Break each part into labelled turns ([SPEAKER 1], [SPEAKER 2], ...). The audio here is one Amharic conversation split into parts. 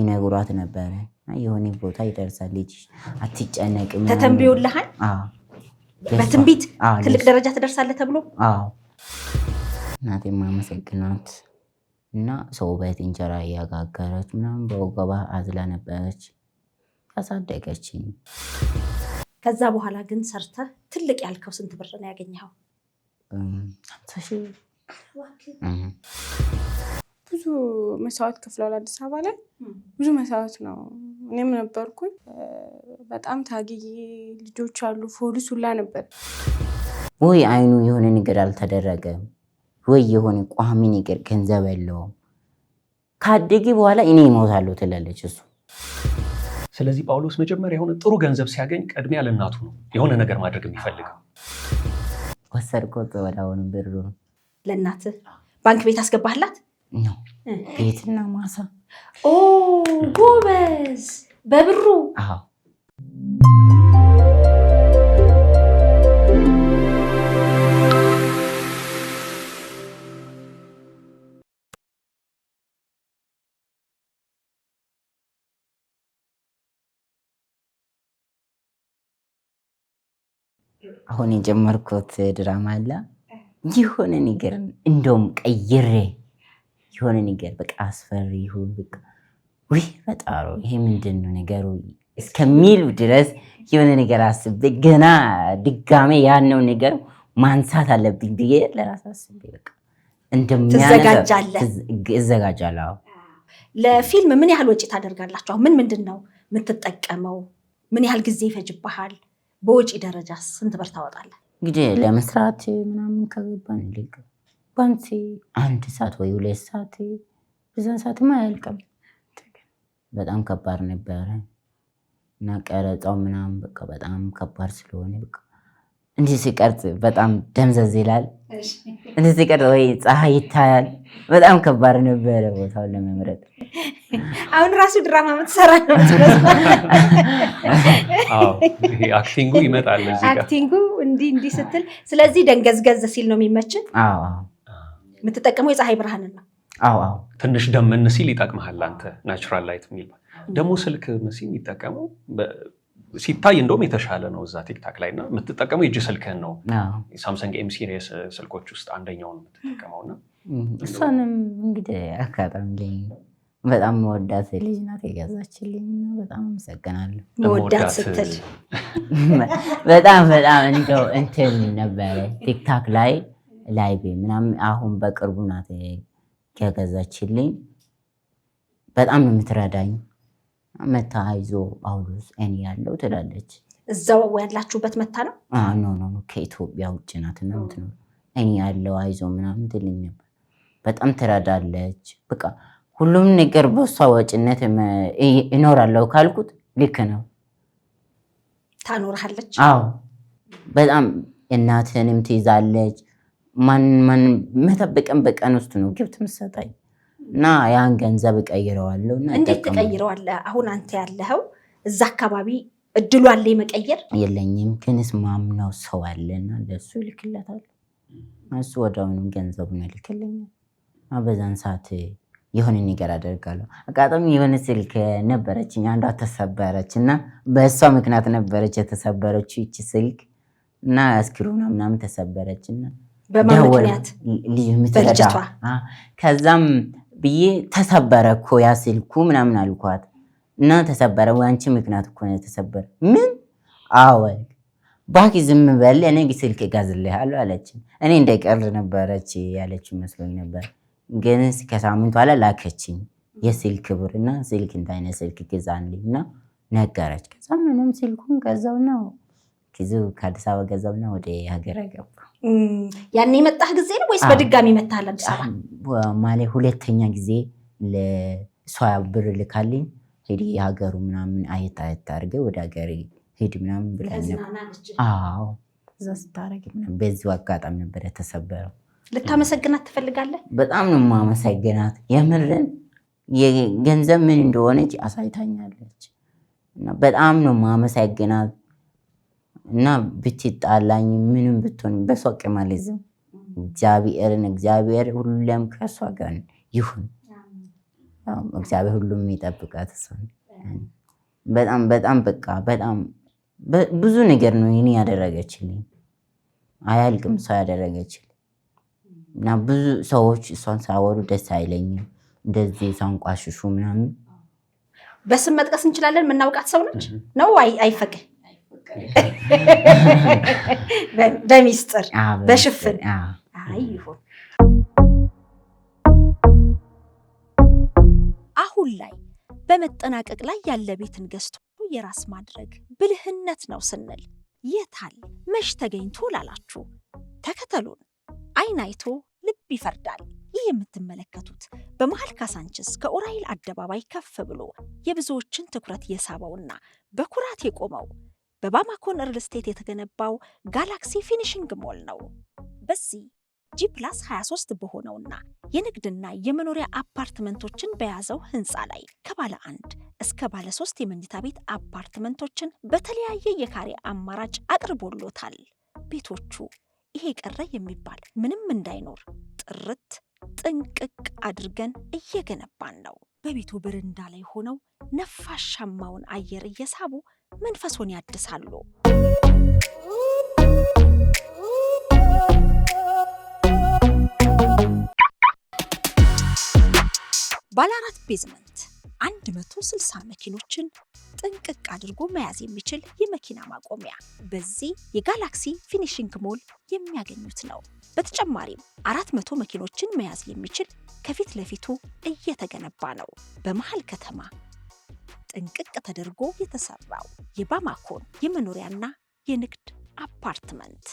[SPEAKER 1] ይነግሯት ነበረ። የሆነ ቦታ ይደርሳል ልጅ አትጨነቅ፣
[SPEAKER 2] ተተንብዮልሃል? በትንቢት ትልቅ ደረጃ ትደርሳለህ ተብሎ
[SPEAKER 1] እናቴ ማመሰግናት እና ሰው ቤት እንጀራ እያጋገረች ምናምን በወገባ አዝላ ነበረች ያሳደገችኝ።
[SPEAKER 2] ከዛ በኋላ ግን ሰርተ ትልቅ ያልከው ስንት ብር ነው ያገኘኸው?
[SPEAKER 3] ብዙ መስዋዕት ከፍለዋል። አዲስ አበባ ላይ ብዙ መስዋዕት ነው። እኔም ነበርኩኝ በጣም ታግዬ ልጆች አሉ ፖሊስ ሁላ ነበር።
[SPEAKER 1] ወይ አይኑ የሆነ ነገር አልተደረገም፣ ወይ የሆነ ቋሚ ነገር ገንዘብ የለውም። ካደጌ በኋላ እኔ ይሞታለሁ ትላለች እሱ።
[SPEAKER 4] ስለዚህ ጳውሎስ መጀመሪያ የሆነ ጥሩ ገንዘብ ሲያገኝ ቅድሚያ ለእናቱ ነው የሆነ ነገር ማድረግ የሚፈልገው።
[SPEAKER 1] ወሰድኮ ወደ አሁንም ብሩ
[SPEAKER 2] ለእናት ባንክ ቤት አስገባህላት ነው ቤትና ማሳ። ኦ ጎበዝ! በብሩ
[SPEAKER 1] አዎ። አሁን የጀመርኩት ድራማ አለ የሆነ ነገር እንደውም ቀይሬ የሆነ ነገር በቃ አስፈሪ ይሁን በቃ ውይ ፈጣሩ ይሄ ምንድን ነው ነገሩ እስከሚሉ ድረስ የሆነ ነገር አስቤ ገና ድጋሜ ያነው ነገር ማንሳት አለብኝ ብዬ ለራስ አስቤ በቃ እዘጋጃለሁ።
[SPEAKER 2] ለፊልም ምን ያህል ወጪ ታደርጋላችሁ? ምን ምንድን ነው የምትጠቀመው? ምን ያህል ጊዜ ይፈጅብሃል? በወጪ ደረጃ ስንት ብር ታወጣለህ?
[SPEAKER 1] እንግዲህ ለመስራት ምናምን ከገባን ቢያንስ አንድ ሰዓት ወይ ሁለት ሰዓት ብዛን ሰዓትማ አያልቅም። በጣም ከባድ ነበረ እና ቀረጻው ምናምን በቃ በጣም ከባድ ስለሆነ በቃ እንዲህ ሲቀርጽ በጣም ደምዘዝ ይላል። እንዲህ ሲቀርጽ ወይ ፀሐይ ይታያል። በጣም ከባድ ነበረ ቦታውን ለመምረጥ።
[SPEAKER 2] አሁን ራሱ ድራማ የምትሰራ ነው።
[SPEAKER 4] አክቲንጉ ይመጣል።
[SPEAKER 2] አክቲንጉ እንዲህ እንዲህ ስትል ስለዚህ ደንገዝገዝ ሲል ነው የሚመችን የምትጠቀመው የፀሐይ ብርሃን ነው።
[SPEAKER 1] አዎ አዎ፣
[SPEAKER 4] ትንሽ ደመን ሲል ይጠቅመሃል። አንተ ናቹራል ላይት የሚል ደግሞ ስልክ መሲ የሚጠቀመው ሲታይ እንደውም የተሻለ ነው እዛ ቲክታክ ላይ እና የምትጠቀመው የእጅ ስልክህን ነው። ሳምሰንግ ኤም ሲሪየስ ስልኮች ውስጥ አንደኛውን የምትጠቀመው እና
[SPEAKER 1] እሷንም እንግዲህ አጋጣሚ በጣም መወዳት ልጅ ናት የገዛችልኝ እና በጣም አመሰግናለሁ።
[SPEAKER 2] መወዳት ስትል
[SPEAKER 1] በጣም በጣም እንደው እንትን ነበረ ቲክታክ ላይ ላይቤ ምናምን አሁን በቅርቡ ናት ከገዛችልኝ። በጣም ነው የምትረዳኝ። መታ አይዞ ጳውሎስ እኔ ያለው ትላለች።
[SPEAKER 2] እዛው ያላችሁበት መታ ነው
[SPEAKER 1] ኖ ኖ ከኢትዮጵያ ውጭ ናት እና ምትኖር እኔ ያለው አይዞ ምናምን ትልኝ ነበር። በጣም ትረዳለች። በቃ ሁሉም ነገር በሷ ወጭነት እኖራለሁ ካልኩት ልክ ነው።
[SPEAKER 2] ታኖርሃለች።
[SPEAKER 1] አዎ በጣም እናትንም ትይዛለች። ማን መጠብቀን በቀን ውስጥ ነው ግብት ምሰጠኝ እና ያን ገንዘብ እቀይረዋለሁ።
[SPEAKER 2] እንዴት ትቀይረዋለህ? አሁን አንተ ያለኸው እዛ አካባቢ እድሉ አለ መቀየር
[SPEAKER 1] የለኝም። ክንስ ማምነው ሰው አለና ለሱ ይልክለታል። እሱ ወዲያውኑ ገንዘቡን ይልክልኛል። በዛን ሰዓት የሆነ ነገር አደርጋለሁ። አጋጣሚ የሆነ ስልክ ነበረችኝ፣ አንዷ ተሰበረች እና በእሷ ምክንያት ነበረች የተሰበረች ይች ስልክ እና እስክሪኑ ምናምን ተሰበረች እና ምትረዳ ከዛም ብዬ ተሰበረ እኮ ያ ስልኩ ምናምን አልኳት እና ተሰበረ ወንቺ ምክንያት እኮ ነው የተሰበረ ምን አወል ባኪ ዝም በል እኔ ስልክ እጋዝልሃለሁ አለች። እኔ እንደ ቀልድ ነበረች ያለች መስሎኝ ነበር ግን ከሳምንት ኋላ ላከችኝ የስልክ ብር እና ስልክ እንትን ስልክ ግዛልኝ እና ነገረች ከዛ ምንም ስልኩን ነው ከዚሁ ከአዲስ አበባ ገዛው ገዛውና ወደ ሀገር ገባ
[SPEAKER 2] ያኔ የመጣህ ጊዜ ነው ወይስ በድጋሚ መታል አዲስ
[SPEAKER 1] አበባ? ማለ ሁለተኛ ጊዜ ለሷ ብር ልካልኝ ሄዲ የሀገሩ ምናምን አየት አየት አድርገ ወደ ሀገር ሄድ ምናምን ብላ በዚሁ አጋጣሚ ነበር የተሰበረው።
[SPEAKER 2] ልታመሰግናት ትፈልጋለህ?
[SPEAKER 1] በጣም ነው የማመሰግናት። የምርን የገንዘብ ምን እንደሆነች አሳይታኛለች። በጣም ነው የማመሰግናት። እና ብትጣላኝ ምንም ብትሆን በሷ ቂም እግዚአብሔርን እግዚአብሔር ሁሉም ከሷ ጋር ይሁን። እግዚአብሔር ሁሉም የሚጠብቃት በጣም በጣም በቃ በጣም ብዙ ነገር ነው ይህን ያደረገችልኝ። አያልቅም ሰው ያደረገችልኝ እና ብዙ ሰዎች እሷን ሳወሩ ደስ አይለኝም። እንደዚህ ሳንቋሽሹ ምናምን
[SPEAKER 2] በስም መጥቀስ እንችላለን። የምናውቃት ሰው ነች ነው አይፈቅድ በሚስጥር በሽፍን ይሁን። አሁን ላይ በመጠናቀቅ ላይ ያለ ቤትን ገዝቶ የራስ ማድረግ ብልህነት ነው ስንል የታል መሽ ተገኝቶ ላላችሁ ተከተሉን። አይን አይቶ ልብ ይፈርዳል። ይህ የምትመለከቱት በመሀል ካሳንችስ ከዑራኤል አደባባይ ከፍ ብሎ የብዙዎችን ትኩረት የሳበውና በኩራት የቆመው በባማኮን ሪል ስቴት የተገነባው ጋላክሲ ፊኒሽንግ ሞል ነው። በዚህ ጂ ፕላስ 23 በሆነውና የንግድና የመኖሪያ አፓርትመንቶችን በያዘው ህንፃ ላይ ከባለ አንድ እስከ ባለ ሶስት የመኝታ ቤት አፓርትመንቶችን በተለያየ የካሬ አማራጭ አቅርቦሎታል። ቤቶቹ ይሄ ቀረ የሚባል ምንም እንዳይኖር ጥርት ጥንቅቅ አድርገን እየገነባን ነው። በቤቱ በረንዳ ላይ ሆነው ነፋሻማውን አየር እየሳቡ መንፈሶን ያድሳሉ። ባለ አራት ቤዝመንት 160 መኪኖችን ጥንቅቅ አድርጎ መያዝ የሚችል የመኪና ማቆሚያ በዚህ የጋላክሲ ፊኒሽንግ ሞል የሚያገኙት ነው። በተጨማሪም 400 መኪኖችን መያዝ የሚችል ከፊት ለፊቱ እየተገነባ ነው። በመሃል ከተማ ጥንቅቅ ተደርጎ የተሰራው የባማኮን የመኖሪያና የንግድ አፓርትመንት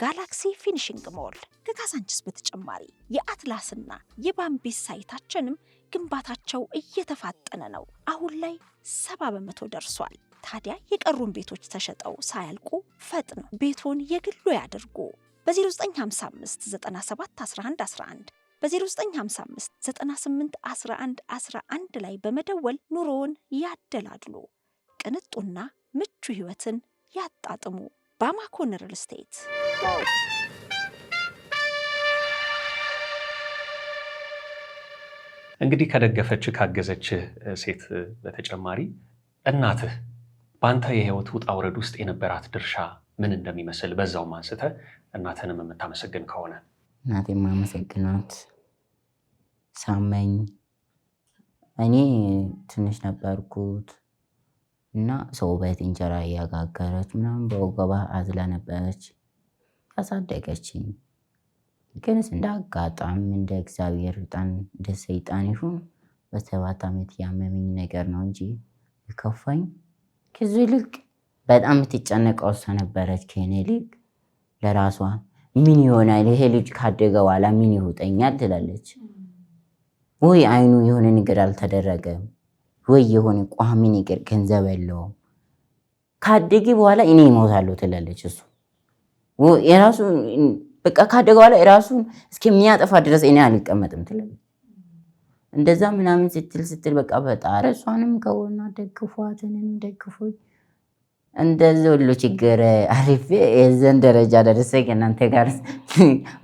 [SPEAKER 2] ጋላክሲ ፊኒሽንግ ሞል ከካዛንችስ በተጨማሪ የአትላስና የባምቢስ ሳይታችንም ግንባታቸው እየተፋጠነ ነው። አሁን ላይ ሰባ በመቶ ደርሷል። ታዲያ የቀሩን ቤቶች ተሸጠው ሳያልቁ ፈጥነው ቤቶን የግሎ ያድርጉ። በ0955971111 በ0955 98 11 11 ላይ በመደወል ኑሮውን ያደላድሉ። ቅንጡና ምቹ ህይወትን ያጣጥሙ። ባማኮን ሪል ስቴት።
[SPEAKER 4] እንግዲህ ከደገፈች ካገዘች ሴት በተጨማሪ እናትህ በአንተ የህይወት ውጣ ውረድ ውስጥ የነበራት ድርሻ ምን እንደሚመስል በዛውም አንስተ እናትህንም የምታመሰግን ከሆነ
[SPEAKER 1] እናቴ የማመሰግናት ሳመኝ እኔ ትንሽ ነበርኩት እና ሰው ቤት እንጀራ እያጋገረች ምናምን በወገባ አዝላ ነበረች አሳደገችኝ። ግንስ እንደ አጋጣሚ እንደ እግዚአብሔር ጣን እንደ ሰይጣን ይሁን በሰባት ዓመት ያመመኝ ነገር ነው እንጂ ይከፋኝ ከዚ ይልቅ በጣም የምትጨነቀው እሷ ነበረች ከኔ ይልቅ። ለራሷ ምን ይሆናል ይሄ ልጅ ካደገ በኋላ ምን ይውጠኛል ትላለች። ወይ አይኑ የሆነ ነገር አልተደረገም፣ ወይ የሆነ ቋሚ ነገር ገንዘብ የለውም። ካደገ በኋላ እኔ ይሞታለሁ ትላለች እሱ የራሱ በቃ ካደገ በኋላ የራሱን እስከሚያጠፋ ድረስ እኔ አልቀመጥም ትላለች። እንደዛ ምናምን ስትል ስትል በቃ ፈጣሪ እሷንም ከሆና ደግፏትንም ደግፎ እንደዚ ሁሉ ችግር አሪፍ የዘን ደረጃ ደርሰ ከእናንተ ጋር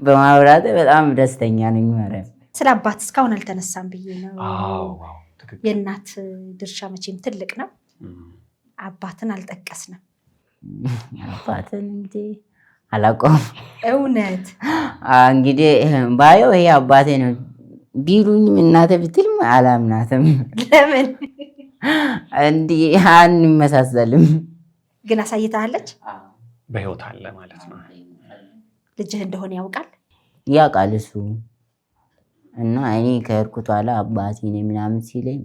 [SPEAKER 1] በማብራት በጣም ደስተኛ ነኝ።
[SPEAKER 2] ስለ አባት እስካሁን አልተነሳም ብዬ ነው። የእናት ድርሻ መቼም ትልቅ ነው። አባትን አልጠቀስንም።
[SPEAKER 1] አባትን እንግዲህ አላውቀውም። እውነት እንግዲህ ባየው ይሄ አባቴ ነው ቢሉኝም እናተ ብትልም አላምናትም። ለምን እንዲህ አንመሳሰልም።
[SPEAKER 2] ግን አሳይታለች።
[SPEAKER 4] በህይወት አለ ማለት ነው።
[SPEAKER 2] ልጅህ እንደሆነ ያውቃል
[SPEAKER 1] ያውቃል እሱ እና እኔ ከእርኩት ኋላ አባቴ ነኝ ምናምን ሲለኝ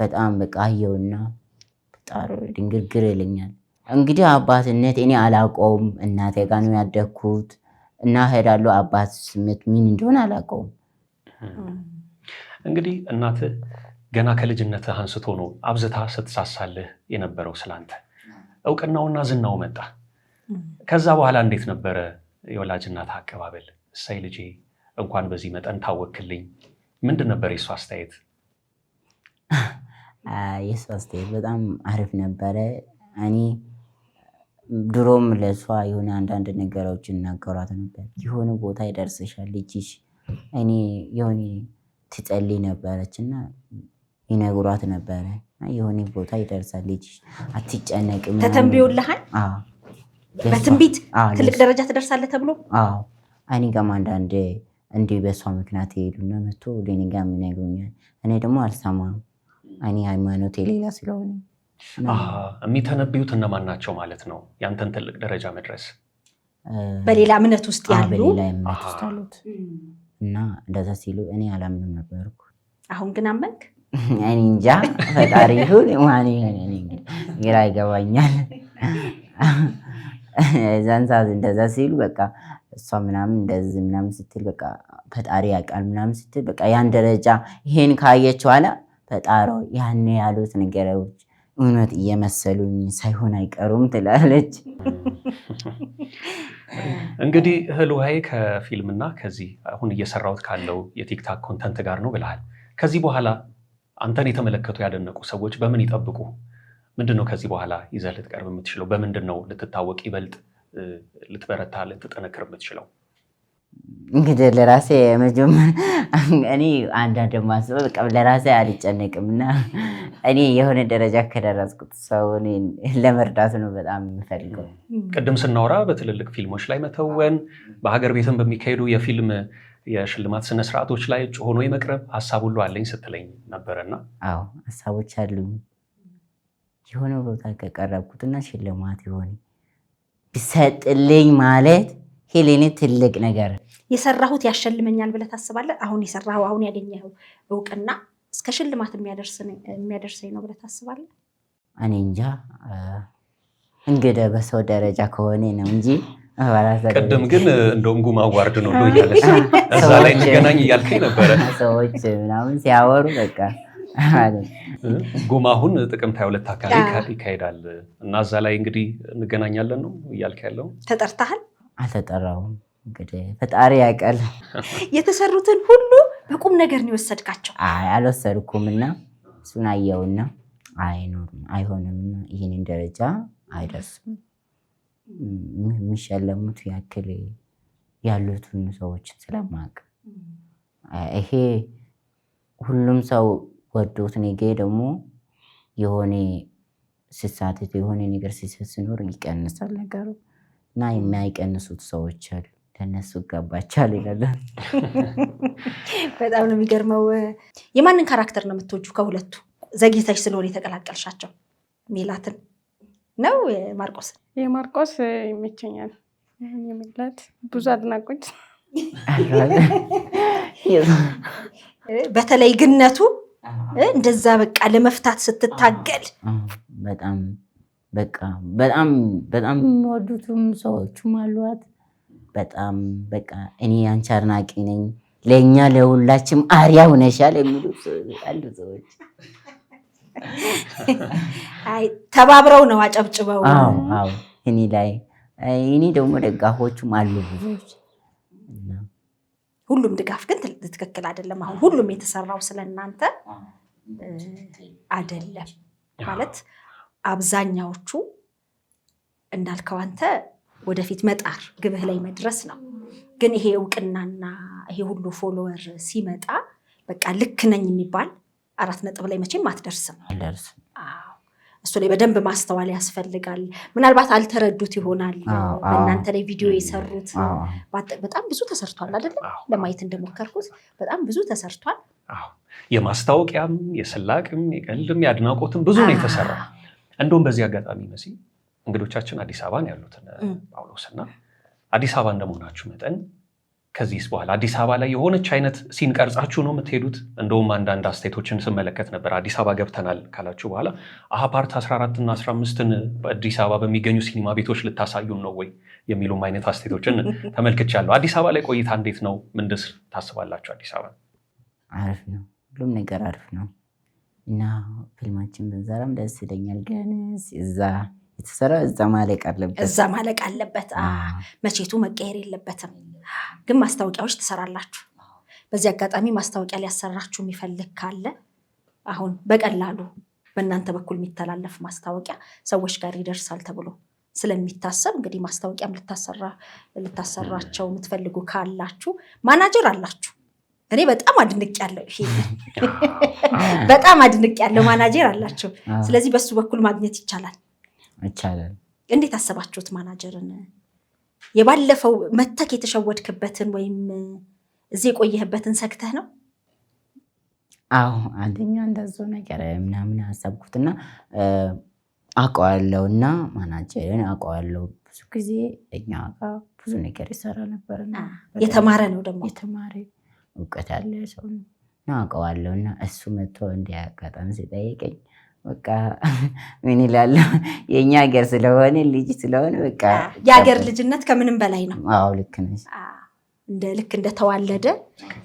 [SPEAKER 1] በጣም በቃ አየውና ጣሮ ድንግርግር ይለኛል። እንግዲህ አባትነት እኔ አላውቀውም። እናቴ ጋ ነው ያደግኩት እና ሄዳለሁ። አባት ስሜት ምን እንደሆነ አላውቀውም።
[SPEAKER 4] እንግዲህ እናት ገና ከልጅነትህ አንስቶ ነው አብዝታ ስትሳሳልህ የነበረው ስላንተ። እውቅናውና ዝናው መጣ። ከዛ በኋላ እንዴት ነበረ የወላጅ እናት አቀባበል? እሰይ ልጄ እንኳን በዚህ መጠን ታወክልኝ። ምንድን ነበር የሱ አስተያየት?
[SPEAKER 1] የሱ አስተያየት በጣም አሪፍ ነበረ። እኔ ድሮም ለእሷ የሆነ አንዳንድ ነገሮች እናገሯት ነበር። የሆነ ቦታ ይደርስሻል ልጅሽ እኔ የሆነ ትጸልይ ነበረች እና ይነግሯት ነበረ የሆነ ቦታ ይደርሳል ልጅሽ አትጨነቅም።
[SPEAKER 2] ተተንብዮልሃል በትንቢት ትልቅ ደረጃ ትደርሳለህ ተብሎ
[SPEAKER 1] እኔ ጋም አንዳንድ እንዲህ በእሷ ምክንያት ይሄዱና መቶ ወደኔ ምን ያገኛል? እኔ ደግሞ አልሰማም። እኔ ሃይማኖቴ ሌላ ስለሆነ
[SPEAKER 4] የሚተነብዩት እነማን ናቸው ማለት ነው? ያንተን ትልቅ ደረጃ መድረስ
[SPEAKER 2] በሌላ እምነት ውስጥ
[SPEAKER 1] ያሉ በሌላ እምነት ውስጥ አሉት እና እንደዛ ሲሉ እኔ አላምንም ነበርኩ።
[SPEAKER 2] አሁን ግን አመንክ?
[SPEAKER 1] እኔ እንጃ ፈጣሪ ይሁን ማን ይሁን ግራ ይገባኛል። እዛን እንደዛ ሲሉ በቃ እሷ ምናምን እንደዚህ ምናምን ስትል በቃ ፈጣሪ ያውቃል ምናምን ስትል በቃ ያን ደረጃ ይሄን ካየች ኋላ ፈጣሮ ያን ያሉት ነገሮች እውነት እየመሰሉኝ ሳይሆን አይቀሩም ትላለች።
[SPEAKER 4] እንግዲህ እህል ውሃዬ ከፊልምና ከዚህ አሁን እየሰራሁት ካለው የቲክታክ ኮንተንት ጋር ነው ብለሃል። ከዚህ በኋላ አንተን የተመለከቱ ያደነቁ ሰዎች በምን ይጠብቁ? ምንድን ነው ከዚህ በኋላ ይዘህ ልትቀርብ የምትችለው? በምንድን ነው ልትታወቅ ይበልጥ ልትበረታ ልትጠነክር የምትችለው?
[SPEAKER 1] እንግዲህ ለራሴ እኔ አንዳንድ ማስበው በቃ ለራሴ አልጨነቅም እና እኔ የሆነ ደረጃ ከደረስኩት ሰው ለመርዳት ነው በጣም የምፈልገው።
[SPEAKER 4] ቅድም ስናወራ በትልልቅ ፊልሞች ላይ መተወን፣ በሀገር ቤትም በሚካሄዱ የፊልም የሽልማት ስነስርዓቶች ላይ እጩ ሆኖ የመቅረብ ሀሳብ ሁሉ አለኝ ስትለኝ ነበረና
[SPEAKER 1] አዎ ሀሳቦች አሉኝ የሆነ ቦታ ከቀረብኩትና ሽልማት የሆነ ብሰጥልኝ ማለት ሄሌኔ ትልቅ ነገር
[SPEAKER 2] የሰራሁት ያሸልመኛል ብለህ ታስባለህ? አሁን የሰራው አሁን ያገኘው እውቅና እስከ ሽልማት የሚያደርሰኝ ነው ብለህ ታስባለህ?
[SPEAKER 1] እኔ እንጃ እንግዲህ በሰው ደረጃ ከሆነ ነው እንጂ
[SPEAKER 4] ቅድም ግን እንደውም ጉማ ዋርድ ነው እዛ ላይ እንገናኝ እያልከኝ ነበረ
[SPEAKER 1] ሰዎች ምናምን ሲያወሩ በቃ
[SPEAKER 4] ጎማ አሁን ጥቅምት ሃያ ሁለት አካባቢ ይካሄዳል እና እዛ ላይ እንግዲህ እንገናኛለን ነው እያልክ ያለው።
[SPEAKER 2] ተጠርተሃል?
[SPEAKER 1] አልተጠራሁም። እንግዲህ ፈጣሪ ያውቃል።
[SPEAKER 2] የተሰሩትን ሁሉ በቁም ነገር ነው የወሰድካቸው?
[SPEAKER 1] አይ አልወሰድኩም። እና እሱን አየውና አይኖርም፣ አይሆንም፣ ይህንን ደረጃ አይደርስም። የሚሸለሙት ያክል ያሉትን ሰዎችን ስለማቅ ይሄ ሁሉም ሰው ወዶት ነገ ደግሞ የሆነ ስሳትት የሆነ ነገር ሲኖር ይቀንሳል ነገሩ እና የማይቀንሱት ሰዎች አሉ። ለእነሱ ይገባቻል ይላል።
[SPEAKER 2] በጣም ነው የሚገርመው። የማንን ካራክተር ነው የምትወጁ? ከሁለቱ ዘግይተሽ ስለሆነ የተቀላቀልሻቸው ሜላትን ነው የማርቆስ
[SPEAKER 3] የማርቆስ ይመቸኛል። የሜላት ብዙ አድናቆች
[SPEAKER 2] በተለይ ግነቱ እንደዛ በቃ ለመፍታት ስትታገል
[SPEAKER 1] በጣም በቃ በጣም በጣም የሚወዱትም ሰዎቹም አሏት። በጣም በቃ እኔ አንቺ አድናቂ ነኝ፣ ለእኛ ለሁላችም አሪያ ሁነሻል የሚሉ አሉ ሰዎች።
[SPEAKER 2] አይ ተባብረው ነው አጨብጭበው።
[SPEAKER 1] እኔ ላይ እኔ ደግሞ ደጋፎቹም አሉ ብዙዎች
[SPEAKER 2] ሁሉም ድጋፍ ግን ትክክል አይደለም። አሁን ሁሉም የተሰራው ስለ እናንተ አይደለም ማለት አብዛኛዎቹ እንዳልከው አንተ ወደፊት መጣር ግብህ ላይ መድረስ ነው። ግን ይሄ እውቅናና ይሄ ሁሉ ፎሎወር ሲመጣ በቃ ልክ ነኝ የሚባል አራት ነጥብ ላይ መቼም አትደርስም። እሱ ላይ በደንብ ማስተዋል ያስፈልጋል። ምናልባት አልተረዱት ይሆናል። በእናንተ ላይ ቪዲዮ የሰሩት በጣም ብዙ ተሰርቷል አይደለም? ለማየት እንደሞከርኩት በጣም ብዙ ተሰርቷል።
[SPEAKER 4] የማስታወቂያም፣ የስላቅም፣ የቀልድም፣ የአድናቆትም ብዙ ነው የተሰራ። እንደውም በዚህ አጋጣሚ መሲ እንግዶቻችን አዲስ አበባን ያሉትን ጳውሎስና አዲስ አበባ እንደመሆናችሁ መጠን ከዚህስ በኋላ አዲስ አበባ ላይ የሆነች አይነት ሲን ቀርጻችሁ ነው የምትሄዱት? እንደውም አንዳንድ አስተያየቶችን ስመለከት ነበር። አዲስ አበባ ገብተናል ካላችሁ በኋላ አሀ 14ና 15ን በአዲስ አበባ በሚገኙ ሲኒማ ቤቶች ልታሳዩን ነው ወይ የሚሉም አይነት አስተያየቶችን ተመልክቻለሁ። አዲስ አበባ ላይ ቆይታ እንዴት ነው? ምንድስ ታስባላችሁ? አዲስ አበባ
[SPEAKER 1] አሪፍ ነው፣ ሁሉም ነገር አሪፍ ነው እና ፊልማችን ብንሰራም ደስ ይለኛል ገንስ እዛ የተሰራ እዛ ማለቅ አለበት፣
[SPEAKER 2] እዛ ማለቅ አለበት። መቼቱ መቀየር የለበትም። ግን ማስታወቂያዎች ትሰራላችሁ። በዚህ አጋጣሚ ማስታወቂያ ሊያሰራችሁ የሚፈልግ ካለ አሁን በቀላሉ በእናንተ በኩል የሚተላለፍ ማስታወቂያ ሰዎች ጋር ይደርሳል ተብሎ ስለሚታሰብ እንግዲህ ማስታወቂያም ልታሰራቸው የምትፈልጉ ካላችሁ ማናጀር አላችሁ። እኔ በጣም አድንቅ ያለው ይሄ በጣም አድንቅ ያለው ማናጀር አላችሁ። ስለዚህ በሱ በኩል ማግኘት ይቻላል። ይቻላል። እንዴት አሰባችሁት? ማናጀርን የባለፈው መተክ የተሸወድክበትን ወይም እዚህ የቆየህበትን ሰግተህ ነው?
[SPEAKER 1] አዎ አንደኛ እንደዞ ነገር ምናምን አሰብኩትና አውቀዋለሁ እና ማናጀርን አውቀዋለሁ። ብዙ ጊዜ እኛ ጋር ብዙ ነገር ይሰራ ነበር። የተማረ ነው ደግሞ የተማረ እውቀት ያለ ሰው አውቀዋለሁ እና እሱ መጥቶ እንዲያጋጣሚ ሲጠይቀኝ በቃ ምን ይላሉ የእኛ ሀገር ስለሆነ ልጅ ስለሆነ በቃ
[SPEAKER 2] የሀገር ልጅነት ከምንም በላይ ነው።
[SPEAKER 1] አዎ ልክ ነሽ።
[SPEAKER 2] እንደ ልክ እንደተዋለደ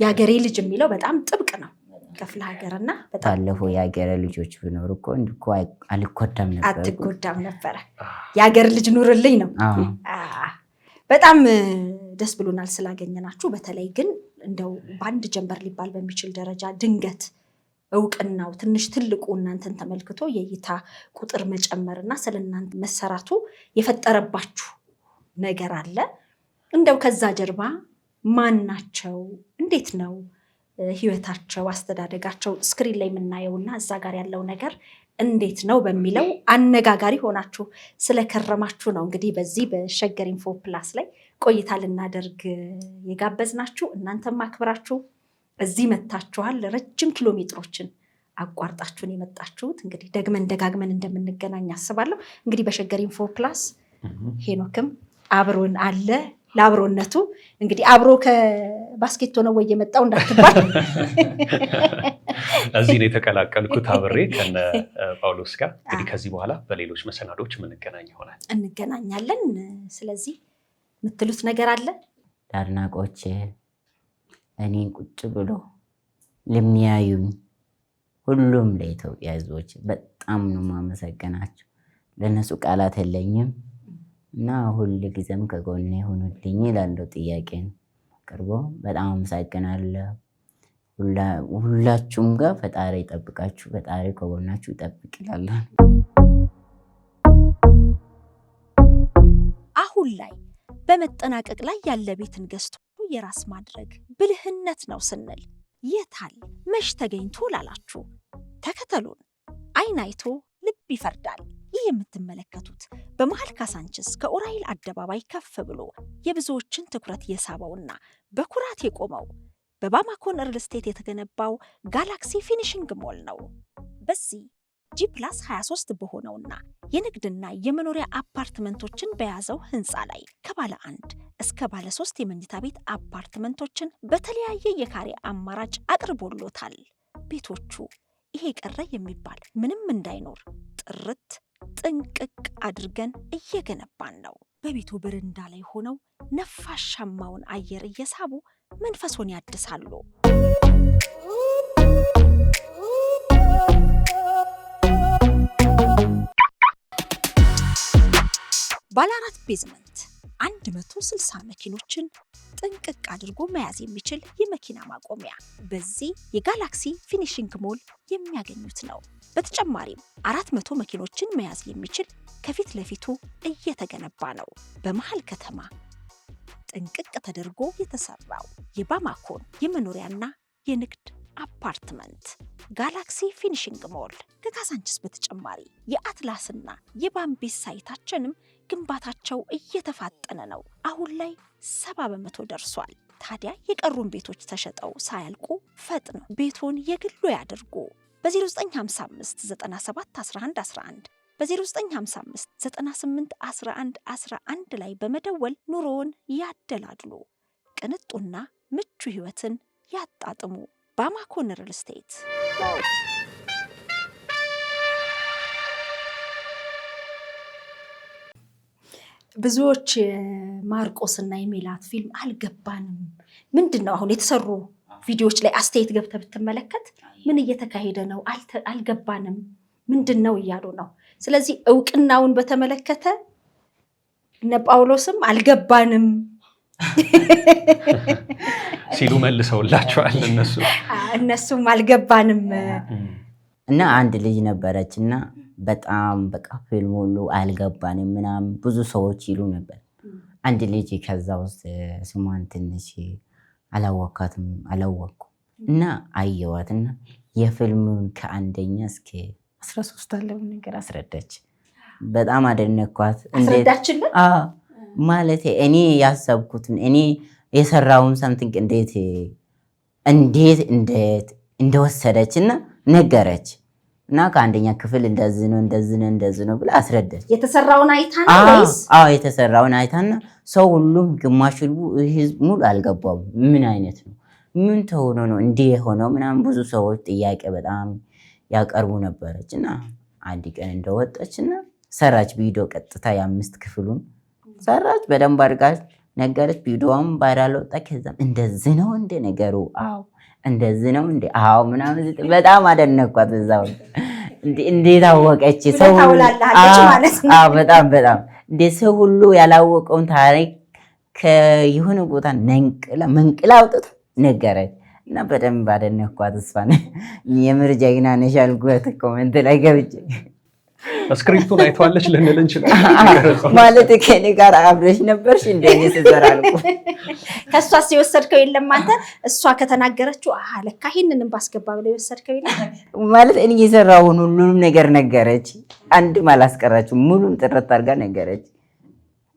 [SPEAKER 2] የሀገሬ ልጅ የሚለው በጣም ጥብቅ ነው። ከፍለ እና
[SPEAKER 1] ባለፉ የሀገር ልጆች ብኖር እኮ እንዲህ እኮ አልጎዳም ነበር
[SPEAKER 2] አትጎዳም ነበረ። የሀገር ልጅ ኑርልኝ ነው። በጣም ደስ ብሎናል ስላገኘናችሁ። በተለይ ግን እንደው በአንድ ጀንበር ሊባል በሚችል ደረጃ ድንገት እውቅናው ትንሽ ትልቁ እናንተን ተመልክቶ የእይታ ቁጥር መጨመር እና ስለ እናንተ መሰራቱ የፈጠረባችሁ ነገር አለ። እንደው ከዛ ጀርባ ማን ናቸው? እንዴት ነው ህይወታቸው፣ አስተዳደጋቸው ስክሪን ላይ እና እዛ ጋር ያለው ነገር እንዴት ነው በሚለው አነጋጋሪ ሆናችሁ ስለከረማችሁ ነው እንግዲህ በዚህ በሸገር ኢንፎ ፕላስ ላይ ቆይታ ልናደርግ የጋበዝናችሁ እናንተም አክብራችሁ እዚህ መታችኋል። ረጅም ኪሎ ሜትሮችን አቋርጣችሁን የመጣችሁት እንግዲህ ደግመን ደጋግመን እንደምንገናኝ አስባለሁ። እንግዲህ በሸገር ኢንፎ ፕላስ ሄኖክም አብሮን አለ። ለአብሮነቱ እንግዲህ አብሮ ከባስኬቶ ነው ወይ የመጣው እንዳትባል፣
[SPEAKER 4] እዚህ ነው የተቀላቀልኩት አብሬ ከነ ጳውሎስ ጋር። እንግዲህ ከዚህ በኋላ በሌሎች መሰናዶች የምንገናኝ ይሆናል።
[SPEAKER 2] እንገናኛለን። ስለዚህ የምትሉት ነገር አለ
[SPEAKER 1] አድናቆቼ እኔን ቁጭ ብሎ ለሚያዩኝ ሁሉም ለኢትዮጵያ ህዝቦች በጣም ነው ማመሰግናቸው። ለእነሱ ቃላት የለኝም እና ሁል ጊዜም ከጎን ሁኑልኝ ላለው ጥያቄ ነው ቅርቦ በጣም አመሰግናለሁ። ሁላችሁም ጋር ፈጣሪ ይጠብቃችሁ፣ ፈጣሪ ከጎናችሁ ይጠብቅ ይላለሁ።
[SPEAKER 2] አሁን ላይ በመጠናቀቅ ላይ ያለ ቤትን ገዝቶ የራስ ማድረግ ብልህነት ነው ስንል የታል መሽ ተገኝቶ ላላችሁ ተከተሉን። አይን አይቶ ልብ ይፈርዳል። ይህ የምትመለከቱት በመሃል ካሳንችስ ከኡራኤል አደባባይ ከፍ ብሎ የብዙዎችን ትኩረት የሳበውና በኩራት የቆመው በባማኮን ሪል ስቴት የተገነባው ጋላክሲ ፊኒሽንግ ሞል ነው። በዚህ ጂ ፕላስ 23 በሆነውና የንግድና የመኖሪያ አፓርትመንቶችን በያዘው ህንፃ ላይ ከባለ አንድ እስከ ባለ ሶስት የመኝታ ቤት አፓርትመንቶችን በተለያየ የካሬ አማራጭ አቅርቦሎታል። ቤቶቹ ይሄ ቀረ የሚባል ምንም እንዳይኖር ጥርት ጥንቅቅ አድርገን እየገነባን ነው። በቤቱ በረንዳ ላይ ሆነው ነፋሻማውን አየር እየሳቡ መንፈሶን ያድሳሉ። ባለ አራት ቤዝመንት 160 መኪኖችን ጥንቅቅ አድርጎ መያዝ የሚችል የመኪና ማቆሚያ በዚህ የጋላክሲ ፊኒሽንግ ሞል የሚያገኙት ነው። በተጨማሪም 400 መኪኖችን መያዝ የሚችል ከፊት ለፊቱ እየተገነባ ነው። በመሃል ከተማ ጥንቅቅ ተደርጎ የተሰራው የባማኮን የመኖሪያና የንግድ አፓርትመንት ጋላክሲ ፊኒሽንግ ሞል ከካሳንችስ በተጨማሪ የአትላስና የባምቢስ ሳይታችንም ግንባታቸው እየተፋጠነ ነው። አሁን ላይ ሰባ በመቶ ደርሷል። ታዲያ የቀሩን ቤቶች ተሸጠው ሳያልቁ ፈጥኖ ቤቶን የግሎ ያድርጉ። በ0955971111 በ0955981111 ላይ በመደወል ኑሮውን ያደላድሉ። ቅንጡና ምቹ ሕይወትን ያጣጥሙ። ባማኮን ሪል ስቴት ብዙዎች እና የሜላት ፊልም አልገባንም፣ ምንድን ነው አሁን የተሰሩ ቪዲዮዎች ላይ አስተያየት ገብተ ብትመለከት ምን እየተካሄደ ነው አልገባንም፣ ምንድን ነው እያሉ ነው። ስለዚህ እውቅናውን በተመለከተ እነ ጳውሎስም አልገባንም
[SPEAKER 4] ሲሉ መልሰውላቸዋል። እነሱ
[SPEAKER 2] እነሱም አልገባንም
[SPEAKER 1] እና አንድ ልጅ ነበረች እና በጣም በቃ ፊልም ሁሉ አልገባንም ምናምን ብዙ ሰዎች ይሉ ነበር። አንድ ልጅ ከዛ ውስጥ ስሟን ትንሽ አላወካትም አላወቅኩ እና አየዋት እና የፊልሙን ከአንደኛ እስከ አስራ ሶስት ነገር አስረዳች። በጣም አደነኳት። ማለት እኔ ያሰብኩትን እኔ የሰራውን ሰምቲንግ እንዴት እንዴት እንደወሰደች እና ነገረች እና ከአንደኛ ክፍል እንደዚህ ነው እንደዚህ ነው እንደዚህ ነው ብላ አስረዳች።
[SPEAKER 2] የተሰራውን አይታና
[SPEAKER 1] ወይስ? አዎ የተሰራውን አይታና ሰው ሁሉም ግማሽ ህዝብ ሙሉ አልገባም። ምን አይነት ነው ምን ተሆኖ ነው እንዲህ የሆነው ምናምን ብዙ ሰዎች ጥያቄ በጣም ያቀርቡ ነበረች። እና አንድ ቀን እንደወጠች እና ሰራች ቪዲዮ ቀጥታ የአምስት ክፍሉን ሰራች በደንብ አድርጋ ነገረች። ቪዲዮም ቫይራል ወጣ። ከዛም እንደዚህ ነው እንደ ነገሩ አዎ እንደዚህ ነው እንዴ? አዎ ምናምን በጣም አደነኳት። በዛው እንዴት አወቀች? ሰው በጣም በጣም እንደ ሰው ሁሉ ያላወቀውን ታሪክ ከይሁን ቦታ ነንቅላ መንቅላ አውጥታ ነገረች እና በደንብ አደነኳት። እሷን የምር ጀግና ነሽ አልኳት ኮመንት ላይ ገብቼ
[SPEAKER 4] ስክሪፕቱን አይተዋለች ልንል እንችላለን።
[SPEAKER 1] ማለት ከኔ ጋር አብረሽ ነበርሽ እንደ ስዘራልኩ
[SPEAKER 2] ከእሷ የወሰድከው የለም አንተ እሷ ከተናገረችው ለካ ይህንንም ባስገባ ብለው የወሰድከው የለም
[SPEAKER 1] ማለት እኔ የዘራውን ሁሉንም ነገር ነገረች። አንድም አላስቀራችው። ሙሉም ጥረት አድርጋ ነገረች።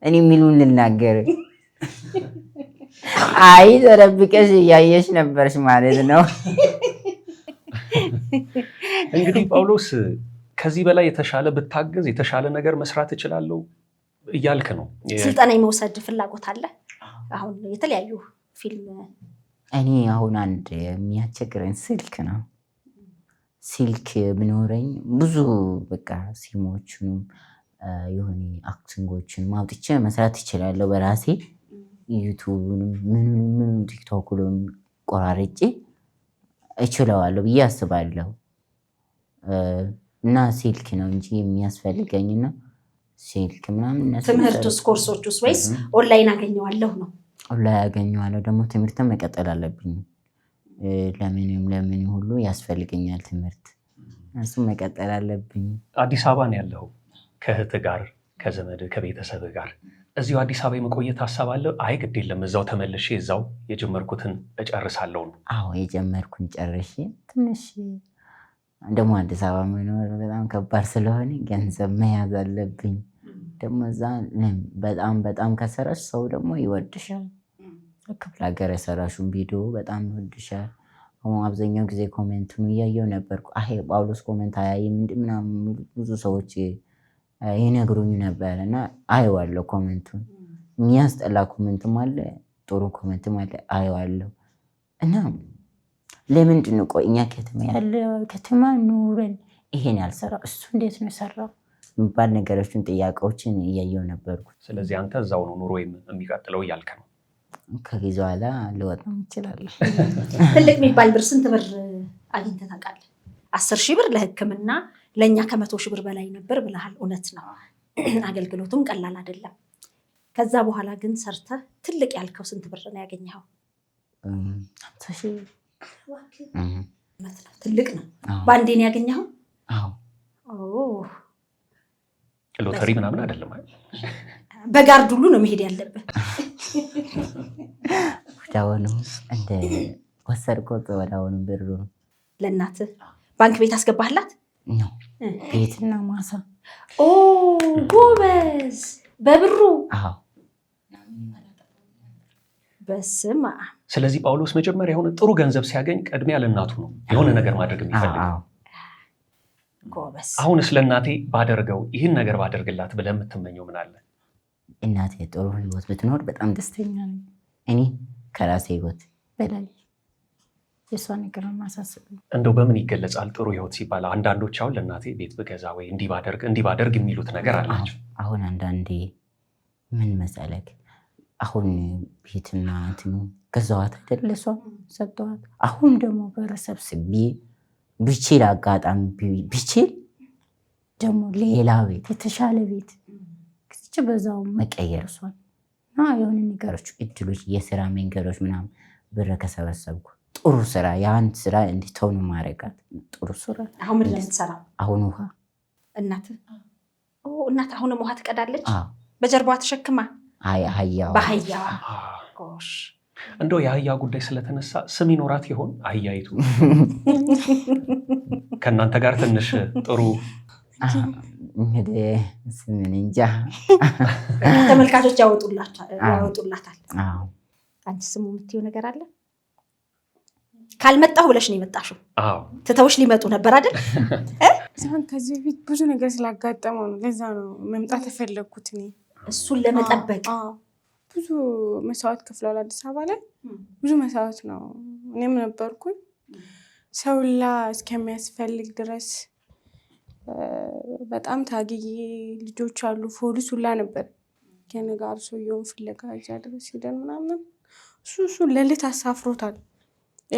[SPEAKER 1] እኔ የሚሉን ልናገር አይ ተደብቀሽ እያየሽ ነበርሽ ማለት ነው።
[SPEAKER 4] እንግዲህ ጳውሎስ ከዚህ በላይ የተሻለ ብታገዝ የተሻለ ነገር መስራት እችላለሁ እያልክ ነው።
[SPEAKER 2] ስልጠና የመውሰድ ፍላጎት አለ አሁን የተለያዩ ፊልም
[SPEAKER 1] እኔ አሁን አንድ የሚያስቸግረኝ ስልክ ነው። ስልክ ብኖረኝ ብዙ በቃ ሲሞችንም የሆነ አክቲንጎችን ማውጥቼ መስራት ይችላለሁ በራሴ ዩቱብንም ምኑንም ምኑን ቆራርጬ እችለዋለሁ ብዬ አስባለሁ። እና ሲልክ ነው እንጂ ነው ሲልክ ምናምን
[SPEAKER 2] ትምህርት ውስጥ ኮርሶች ውስጥ ወይስ ኦንላይን አገኘዋለሁ ነው?
[SPEAKER 1] ኦንላይን አገኘዋለሁ። ደግሞ ትምህርትን መቀጠል አለብኝ። ለምንም ለምን ሁሉ ያስፈልገኛል ትምህርት፣ እሱ መቀጠል አለብኝ።
[SPEAKER 4] አዲስ አበባ ነው ያለው ከእህት ጋር ከዘመድ ከቤተሰብ ጋር እዚሁ አዲስ አበባ የመቆየት ሀሳብ አለ? አይ ግድ የለም እዛው ተመልሼ እዛው የጀመርኩትን እጨርሳለሁ ነው።
[SPEAKER 1] አዎ የጀመርኩን ጨርሼ ትንሽ ደግሞ አዲስ አበባ መኖር በጣም ከባድ ስለሆነ ገንዘብ መያዝ አለብኝ። ደግሞ እዛ በጣም በጣም ከሰራሽ ሰው ደግሞ ይወድሻል። ክፍለ ሀገር የሰራሹን ቪዲዮ በጣም ይወድሻል። አብዛኛው ጊዜ ኮሜንቱን እያየው ነበርኩ። ጳውሎስ ኮሜንት አያይም እንዲ ምናምን ብዙ ሰዎች ይነግሩኝ ነበር እና አየዋለሁ። ኮሜንቱን የሚያስጠላ ኮሜንትም አለ፣ ጥሩ ኮሜንትም አለ፣ አየዋለሁ እና ለምንድን ነው ቆይ እኛ ከተማ
[SPEAKER 2] ያለ ከተማ ኑረን ይሄን ያልሰራው እሱ እንዴት ነው የሰራው
[SPEAKER 1] የሚባል ነገሮችን ጥያቄዎችን እያየው ነበርኩ።
[SPEAKER 4] ስለዚህ አንተ እዛው ነው ኑሮ የሚቀጥለው እያልከ ነው?
[SPEAKER 1] ከጊዜ በኋላ ልወጣ እችላለሁ።
[SPEAKER 2] ትልቅ የሚባል ብር ስንት ብር አግኝተ ታውቃለህ? አስር ሺህ ብር ለሕክምና ለእኛ ከመቶ ሺህ ብር በላይ ነበር ብለሃል። እውነት ነው። አገልግሎቱም ቀላል አይደለም። ከዛ በኋላ ግን ሰርተህ ትልቅ ያልከው ስንት ብር ነው ያገኘኸው? ትልቅ ነው። በአንዴን ያገኘኸው
[SPEAKER 4] ሎተሪ ምናምን አይደለም።
[SPEAKER 2] በጋርድ ሁሉ ነው መሄድ ያለብህ።
[SPEAKER 1] ወዳውኑ እንደ ወሰድኮ ወዳውኑ ብሩ
[SPEAKER 2] ለእናት ባንክ ቤት አስገባህላት ቤትና ማሳ ጎበዝ። በብሩ በስም አብ
[SPEAKER 4] ስለዚህ ጳውሎስ መጀመሪያ የሆነ ጥሩ ገንዘብ ሲያገኝ ቅድሚያ ለእናቱ ነው የሆነ ነገር ማድረግ የሚፈልግ አሁን ስለ እናቴ ባደርገው ይህን ነገር ባደርግላት ብለ የምትመኘው ምን አለ?
[SPEAKER 1] እናቴ ጥሩ ህይወት ብትኖር በጣም ደስተኛ ነኝ። እኔ ከራሴ ህይወት
[SPEAKER 2] በላይ የእሷ ነገር ማሳሰብ
[SPEAKER 4] እንደው በምን ይገለጻል? ጥሩ ህይወት ሲባል አንዳንዶች አሁን ለእናቴ ቤት ብገዛ ወይ እንዲህ ባደርግ እንዲህ ባደርግ የሚሉት ነገር አላቸው።
[SPEAKER 1] አሁን አንዳንዴ ምን መሰለህ አሁን ቤትና እንትን ገዛዋት
[SPEAKER 2] አይደለ? እሷም ሰጠዋት።
[SPEAKER 1] አሁን ደግሞ ብረሰብ ስቤ ብችል አጋጣሚ ብችል ደግሞ ሌላ ቤት
[SPEAKER 2] የተሻለ ቤት ክትች በዛው
[SPEAKER 1] መቀየር እሷን
[SPEAKER 2] እና የሆነ ነገሮች
[SPEAKER 1] እድሎች፣ የስራ መንገዶች ምናምን ብር ከሰበሰብኩ ጥሩ ስራ የአንድ ስራ እንዲተውኑ ማድረጋት ጥሩ ስራ አሁን ውሃ
[SPEAKER 2] እናት እናት አሁንም ውሃ ትቀዳለች በጀርባዋ ተሸክማ አህያዋ በአህያዋ ጎሽ
[SPEAKER 4] እንደው የአህያ ጉዳይ ስለተነሳ ስም ይኖራት ይሆን አህያይቱ? ከእናንተ ጋር ትንሽ ጥሩ
[SPEAKER 1] እንግዲህ ስምን እንጃ
[SPEAKER 2] ተመልካቾች ያወጡላታል። አንቺ ስሙ የምትይው ነገር አለ? ካልመጣሁ ብለሽ ነው የመጣሽው። ትተውሽ ሊመጡ ነበር አይደል?
[SPEAKER 3] ከዚህ በፊት ብዙ ነገር ስላጋጠመው ነው። ለዛ ነው መምጣት የፈለግኩት እኔ እሱን ለመጠበቅ ብዙ መስዋዕት ከፍሏል። አዲስ አበባ ላይ ብዙ መስዋዕት ነው። እኔም ነበርኩኝ ሰውላ እስከሚያስፈልግ ድረስ በጣም ታግዬ ልጆች አሉ ፖሊስ ሁላ ነበር ከእኔ ጋር ሰውየውን ፍለጋ እዛ ድረስ ሄደን ምናምን እሱ እሱ ሌሊት አሳፍሮታል።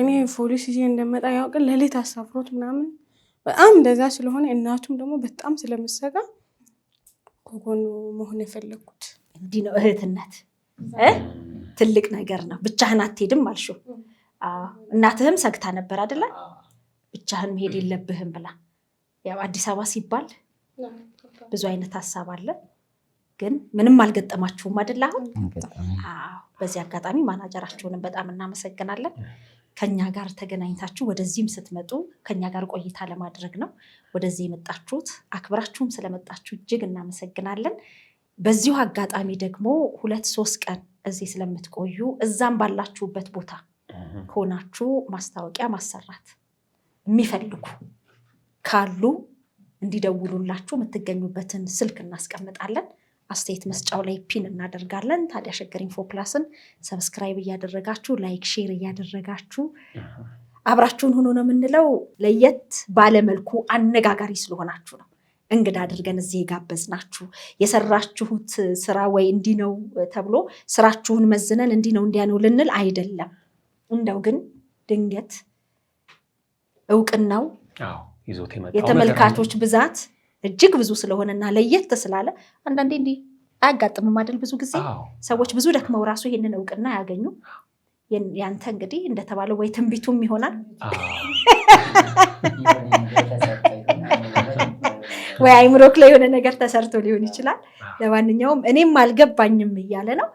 [SPEAKER 3] እኔ ፖሊስ ይዤ እንደመጣ ያውቅን ሌሊት አሳፍሮት ምናምን በጣም እንደዛ ስለሆነ እናቱም ደግሞ በጣም ስለምሰጋ ከጎኑ መሆን የፈለግኩት እንዲህ ነው። እህትነት ትልቅ ነገር ነው። ብቻህን አትሄድም አልሽው። እናትህም ሰግታ ነበር አደለ? ብቻህን መሄድ የለብህም ብላ ያው አዲስ አበባ ሲባል ብዙ አይነት ሀሳብ አለ። ግን ምንም አልገጠማችሁም አይደለ? አሁን በዚህ አጋጣሚ ማናጀራችሁንም በጣም እናመሰግናለን። ከኛ ጋር ተገናኝታችሁ ወደዚህም ስትመጡ ከኛ ጋር ቆይታ ለማድረግ ነው ወደዚህ የመጣችሁት። አክብራችሁም ስለመጣችሁ እጅግ እናመሰግናለን። በዚሁ አጋጣሚ ደግሞ ሁለት ሶስት ቀን እዚህ ስለምትቆዩ እዛም ባላችሁበት ቦታ ሆናችሁ ማስታወቂያ ማሰራት የሚፈልጉ ካሉ እንዲደውሉላችሁ የምትገኙበትን ስልክ እናስቀምጣለን። አስተያየት መስጫው ላይ ፒን እናደርጋለን። ታዲያ ሸገር ኢንፎ ፕላስን ሰብስክራይብ እያደረጋችሁ ላይክ፣ ሼር እያደረጋችሁ አብራችሁን ሆኖ ነው የምንለው። ለየት ባለመልኩ አነጋጋሪ ስለሆናችሁ ነው እንግዳ አድርገን እዚህ የጋበዝናችሁ። የሰራችሁት ስራ ወይ እንዲህ ነው ተብሎ ስራችሁን መዝነን እንዲህ ነው እንዲያ ነው ልንል አይደለም። እንደው ግን ድንገት እውቅናው የተመልካቾች ብዛት እጅግ ብዙ ስለሆነና ለየት ስላለ አንዳንዴ እንዲህ አያጋጥምም አይደል? ብዙ ጊዜ ሰዎች ብዙ ደክመው ራሱ ይህንን እውቅና ያገኙ። ያንተ እንግዲህ እንደተባለው ወይ ትንቢቱም ይሆናል ወይ አይምሮክ ላይ የሆነ ነገር ተሰርቶ ሊሆን ይችላል። ለማንኛውም እኔም አልገባኝም እያለ ነው።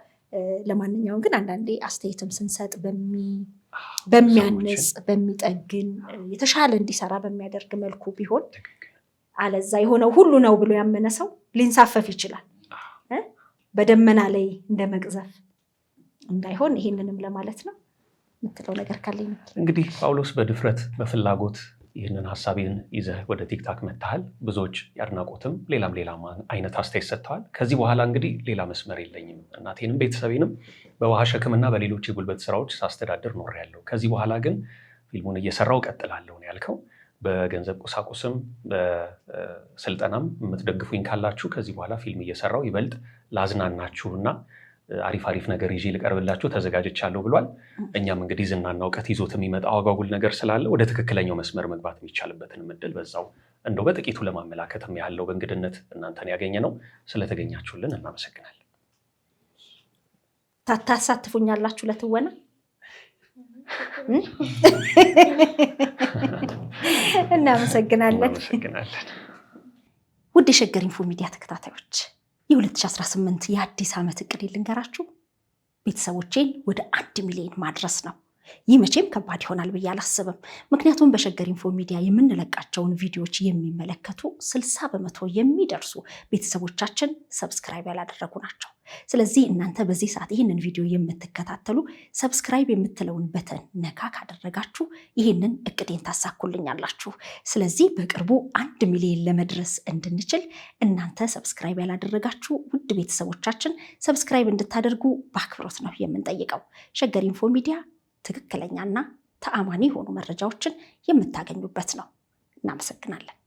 [SPEAKER 3] ለማንኛውም ግን አንዳንዴ አስተያየትም ስንሰጥ በሚያንጽ በሚጠግን የተሻለ እንዲሰራ በሚያደርግ መልኩ ቢሆን አለዛ የሆነው ሁሉ ነው ብሎ ያመነ ሰው ሊንሳፈፍ ይችላል። በደመና ላይ እንደ መቅዘፍ እንዳይሆን ይሄንንም ለማለት ነው። የምትለው ነገር ካለኝ እንግዲህ ጳውሎስ በድፍረት በፍላጎት ይህንን ሀሳቤን ይዘህ ወደ ቲክታክ መታሃል። ብዙዎች ያድናቆትም ሌላም ሌላም አይነት አስተያየት ሰጥተዋል። ከዚህ በኋላ እንግዲህ ሌላ መስመር የለኝም። እናቴንም ቤተሰቤንም በውሃ ሸክምና በሌሎች የጉልበት ስራዎች ሳስተዳድር ኖሬያለሁ። ከዚህ በኋላ ግን ፊልሙን እየሰራው ቀጥላለሁ ነው ያልከው። በገንዘብ ቁሳቁስም በስልጠናም የምትደግፉኝ ካላችሁ ከዚህ በኋላ ፊልም እየሰራው ይበልጥ ላዝናናችሁና አሪፍ አሪፍ ነገር ይዤ ልቀርብላችሁ ተዘጋጀቻለሁ ብሏል። እኛም እንግዲህ ዝናና እውቀት ይዞት የሚመጣ አጓጉል ነገር ስላለ ወደ ትክክለኛው መስመር መግባት የሚቻልበትን ምድል በዛው እንደው በጥቂቱ ለማመላከትም ያለው በእንግድነት እናንተን ያገኘ ነው። ስለተገኛችሁልን እናመሰግናለን። ታታሳትፉኛላችሁ ለትወና እናመሰግናለን። ውድ የሸገር ኢንፎ ሚዲያ ተከታታዮች የ2018 የአዲስ ዓመት እቅድ ልንገራችሁ። ቤተሰቦቼን ወደ አንድ ሚሊዮን ማድረስ ነው። ይህ መቼም ከባድ ይሆናል ብዬ አላስብም። ምክንያቱም በሸገር ኢንፎ ሚዲያ የምንለቃቸውን ቪዲዮዎች የሚመለከቱ ስልሳ በመቶ የሚደርሱ ቤተሰቦቻችን ሰብስክራይብ ያላደረጉ ናቸው። ስለዚህ እናንተ በዚህ ሰዓት ይህንን ቪዲዮ የምትከታተሉ ሰብስክራይብ የምትለውን በተን ነካ ካደረጋችሁ ይህንን እቅዴን ታሳኩልኛላችሁ። ስለዚህ በቅርቡ አንድ ሚሊዮን ለመድረስ እንድንችል እናንተ ሰብስክራይብ ያላደረጋችሁ ውድ ቤተሰቦቻችን ሰብስክራይብ እንድታደርጉ በአክብሮት ነው የምንጠይቀው። ሸገር ኢንፎ ሚዲያ ትክክለኛና ተአማኒ የሆኑ መረጃዎችን የምታገኙበት ነው። እናመሰግናለን።